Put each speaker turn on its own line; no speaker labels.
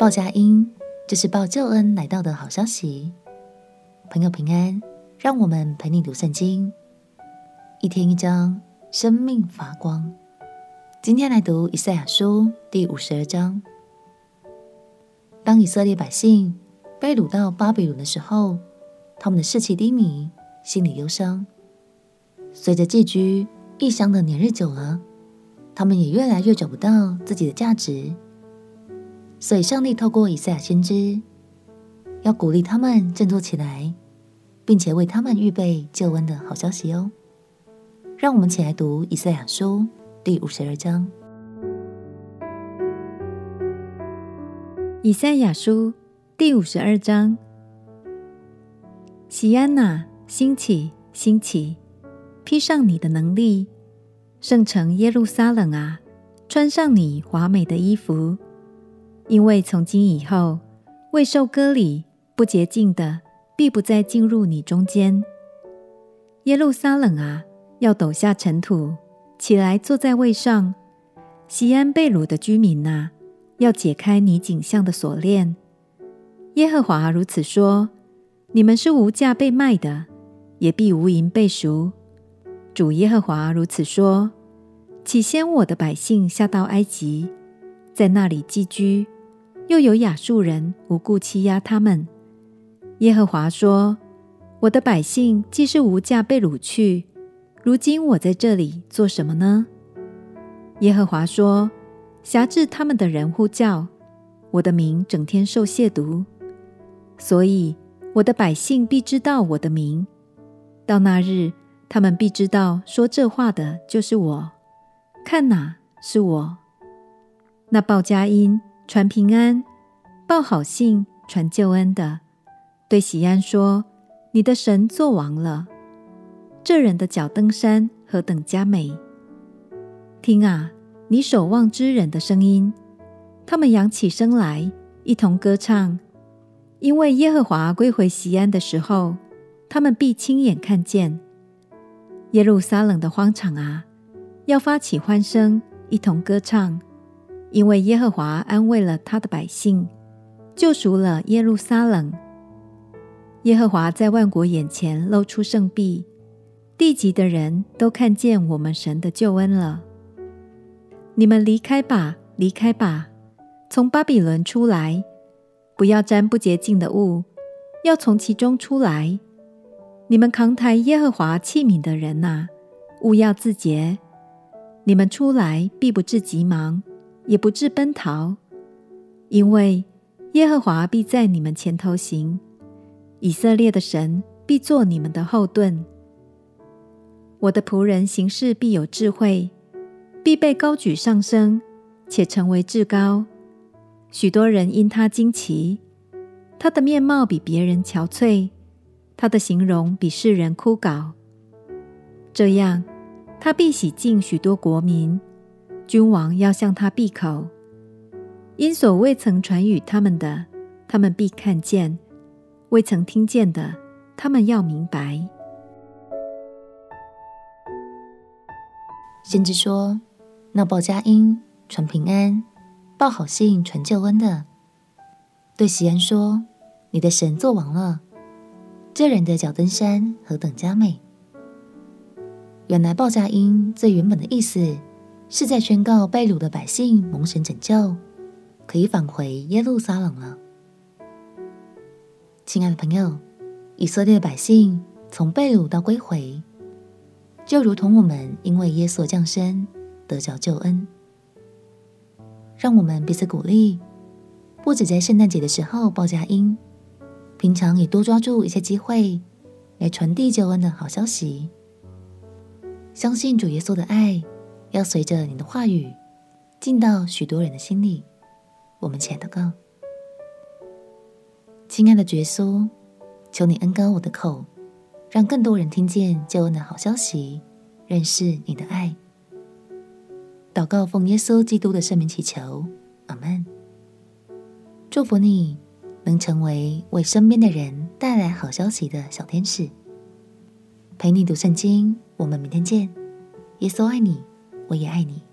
報佳音，這、就是報救恩來到的好消息。朋友平安，讓我們陪你讀聖經，一天一章，生命發光。今天來讀以賽亞書第五十二章。當以色列百姓被擄到巴比倫的時候，他們的士氣低迷，心裡憂傷。隨着寄居異鄉的年日久了，他們也越來越找不到自己的價值。所以，上帝透過以賽亞先知要鼓勵他們振作起來，並且為他們預備救恩的好消息哦。讓我們一起來讀《以賽亞書》第五十二章。《以賽亞書》
第五十二章：錫安哪，興起，興起，披上你的能力，聖城耶路撒冷啊，穿上你華美的衣服。因為從今以後，未受割禮、不潔淨的，必不再進入你中間。耶路撒冷啊，要抖下塵土，起來坐在位上；錫安被擄的居民哪、啊，要解開你頸項的鎖鏈。耶和華如此說：你們是無價被賣的，也必無銀被贖。主耶和華如此說：起先我的百姓下到埃及，在那裡寄居。又有亞述人無故欺壓他們。耶和華說：“我的百姓既是無價被擄去，如今我在這裡做什麼呢？”耶和華說：“轄制他們的人呼叫我的名，整天受褻瀆，所以我的百姓必知道我的名。到那日，他們必知道說這話的就是我。看哪，是我那報佳音。”傳平安，報好信，傳救恩的，對錫安說：“你的神作王了。這人的腳登山何等佳美！聽啊，你守望之人的聲音，他們揚起聲來，一同歌唱，因為耶和華歸回錫安的時候，他們必親眼看見。耶路撒冷的荒場啊，要發起歡聲，一同歌唱。”因為耶和華安慰了他的百姓，救贖了耶路撒冷。耶和華在萬國眼前露出聖臂，地極的人都看見我們神的救恩了。你們離開吧，離開吧，從巴比倫出來，不要沾不潔淨的物，要從其中出來。你們扛抬耶和華器皿的人吶、啊，務要自潔。你們出來必不至急忙。也不致奔逃，因為耶和華必在你們前頭行，以色列的神必作你們的後盾。我的僕人行事必有智慧，必被高舉上升，且成為至高。許多人因他驚奇，他的面貌比別人憔悴，他的形容比世人枯槁。這樣，他必洗淨許多國民。君王要向他閉口，因所未曾傳與他們的，他們必看見；未曾聽見的，他們要明白。
先知說：“那報佳音傳平安，報好信傳救恩的，對錫安說：‘你的神作王了。’這人的腳登山何等佳美！原來報佳音最原本的意思。”是在宣告被擄的百姓蒙神拯救，可以返回耶路撒冷了。親愛的朋友，以色列的百姓從被擄到歸回，就如同我們因為耶穌降生得着救恩。讓我們彼此鼓勵，不只在聖誕節的時候報佳音，平常也多抓住一些機會，來傳遞救恩的好消息。相信主耶穌的愛。要隨着你的話語進到許多人的心裡。我們虔誠禱告，親愛的耶穌，求你恩膏我的口，讓更多人聽見救恩的好消息，認識你的愛。禱告奉耶穌基督的聖名祈求，阿門。祝福你能成為為身邊的人帶來好消息的小天使，陪你讀聖經。我們明天見，耶穌愛你。我也愛你。